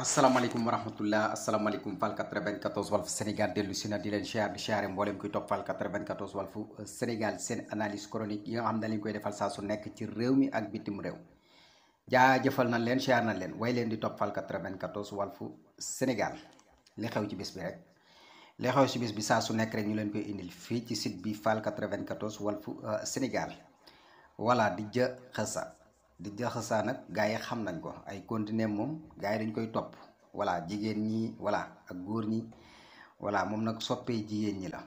asalaamaaleykum wa rahmatullah asalaamaaleykum Fall 94 Walf Sénégal dellu si na di leen siyaar di siyaare mboolem kuy topp Fall 94 fu Sénégal seen analyse chronique yi nga xam ne koy defal saa su nekk ci réew mi ak bitim réew jaajëfal nañ leen siyaar na leen way leen di topp Fall wal fu Sénégal li xew ci bis bi rek li xew ci bis bi saa su nekk rek ñu leen koy indil fii ci site bi Fall 94 Walf Sénégal voilà di jë xësa di jaxasaan nag gars yi xam nañ ko ay continent moom gars yi dañ koy topp voilà jigéen ñi voilà ak góor ñi voilà moom nag soppee jigéen ñi la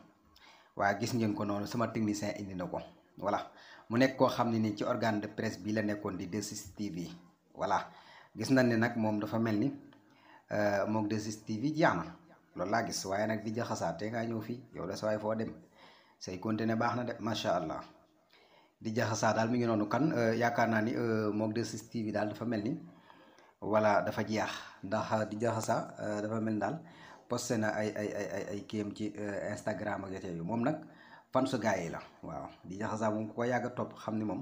waa gis ngeen ko noonu sama technicien indi na ko voilà mu nekk koo xam ne ni ci organe de presse bi la nekkoon di 2STV voilà gis nañ ne nag moom dafa mel ni euh, moog 2STV jeex na loolu laa gis waaye nag di jaxasaa te ngaa ñëw fii yow de sawaay foo dem say continent baax na de macha allah di jaxasaa daal mi ngi noonu kan euh, yaakaar naa ni euh, de 2STV daal dafa mel ni voilà dafa jeex ndax euh, di jaxasaa dafa mel ni daal posté na ay ay ay ay ay kéem ci Instagram ak yooyu moom nag fan su gars yi la waaw di jaxasaa moom ku ko yàgg a topp xam ni moom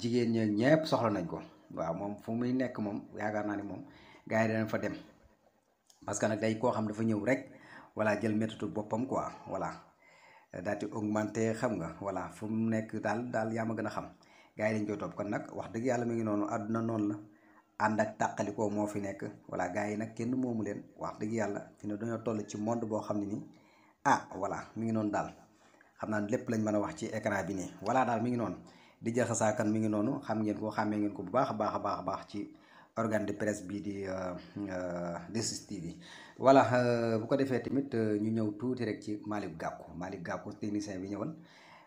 jigéen ñi ñëpp soxla nañ ko waaw moom fu muy nekk moom yaakaar naa ni moom gars yi danañ fa dem parce que nag day koo xam dafa ñëw rek voilà jël méttitu boppam quoi voilà. daal di augmenté xam nga voilà fu mu nekk daal daal yaa ma gën a xam gars yi dañ koy topp kon nag wax dëgg yàlla mi ngi noonu àdduna noon la ànd ak tàqalikoo moo fi nekk voilà gars yi nag kenn moomu leen wax dëgg yàlla fi ne dañoo toll ci monde boo xam ne nii ah voilà mu ngi noonu daal xam naa lépp lañ mën a wax ci écran bi nii voilà daal mi ngi noonu di jaxasaakan mi ngi noonu xam ngeen ko xàmmee ngeen ko bu baax a baax a baax a baax ci organe de presse bii di 2 bi yi voilà euh, bu ko defee tamit euh, ñu ñëw tuuti rek ci Malick Gakou Malick Gakou technicien bi ñëwoon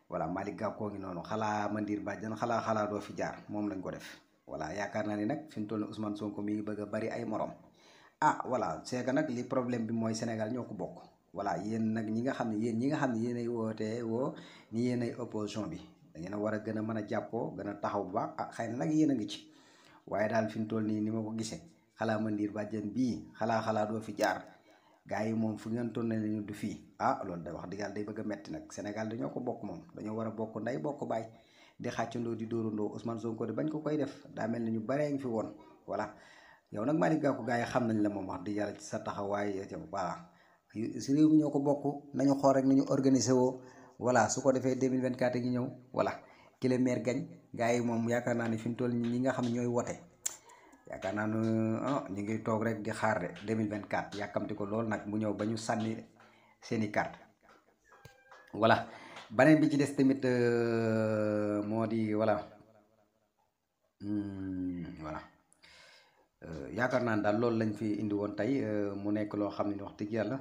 voilà Malick Gakou ngi noonu xalaa Mandir Badiane xalaa xalaa doo fi jaar moom lañ ko def voilà yaakaar naa ni nag fi mu toll nii Ousmane Sonko mi bëgg a bari ay morom ah voilà c'est nag li problème bi mooy Sénégal ñoo ko bokk voilà yéen nag ñi nga xam ne yéen ñi nga xam ne yéen ay wootee woo ni yéen ay opposition bi da ngeen war a gën a mën a jàppoo a taxaw bu ah, ci. waaye daal fi mu toll nii ni ma ko gisee xalaa ma ndiir bàjjen bii xalaa xalaa doo fi jaar gars yi moom fu ngeen toll ne ñu du fii ah loolu da wax dëgg day bëgg a metti nag Sénégal dañoo ko bokk moom dañoo war a bokk nday bokk baay di xàccandoo di dóorandoo Ousmane Sonko de bañ ko koy def daa mel ne ñu baree ngi fi woon voilà yow nag Malick Gakou gars yi xam nañ la moom wax dëgg yàlla ci sa taxawaay voilà si réew ñoo ko bokk nañu xool rek nañu organiser woo voilà su ko defee 2024 gi ñëw voilà ki la maire gañ gars yi moom yaakaar naa ne fi mu toll ñi nga xam ñooy wote yaakaar naa ne ah, ñu ngi toog rek di xaar de 2024 yàkkamti ko lool nag mu ñëw ba ñu sànni seeni carte voilà beneen bi ci des tamit euh, moo di voilà hmm, voilà euh, yaakaar naa ni daal loolu lañ fi indi woon tey euh, mu nekk loo xam ne wax dëgg yàlla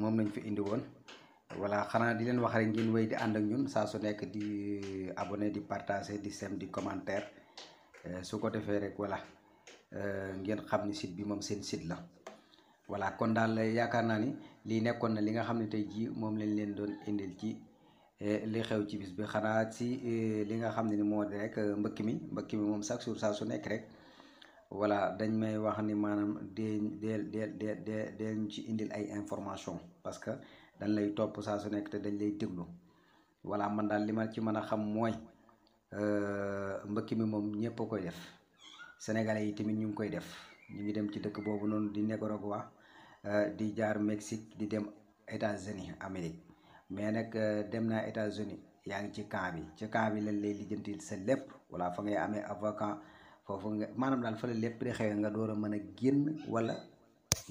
moom lañ fi indiwoon voilà xanaa di leen wax rek ngeen wéy di ànd ak ñun saa su nekk di euh, abone di partager di sem di commentaire euh, su ko defee rek voilà euh, ngeen xam ni site bi moom seen site la voilà kon daal yaakaar naa ni lii nekkoon na li nga xam ne tey jii moom lañ leen doon indil ci li xew ci bis bi xanaa si li nga xam ne ni moo di rek mbëkk mi mbëkk mi moom chaque jour saa su nekk rek voilà dañ may wax ni maanaam dee dee dee dee dee ñu ci indil ay information parce que dañ lay topp saa su nekk te dañ lay déglu voilà man daal li ma ci mën a xam mooy euh, mbëkk mi moom ñëpp a koy def sénégalais yi tamit ñu ngi koy def ñu dem ci dëkk boobu noonu di Nicaragua euh, di jaar Mexique di dem États-Unis Amérique mais nag euh, dem naa États-Unis yaa ngi ci camp bi ci camp lañ lay lijjantil sa lépp voilà fa ngay amee avocat foofu nga maanaam daal fa la lépp di xewee nga door a mën a génn wala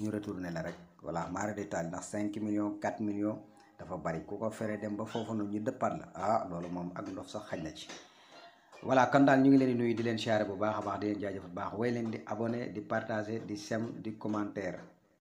ñu retourné la rek voilà mara de taal ndax 5 millions 4 millions dafa bari ku ko fere dem ba foofu noonu ñu dëppaat la ah loolu moom ak ndox sax xañ na ci. voilà kon daal ñu ngi leen di nuyu di leen siyaare bu baax a baax di leen jaajëf bu baax way leen di abonné di partager di sem di commentaire.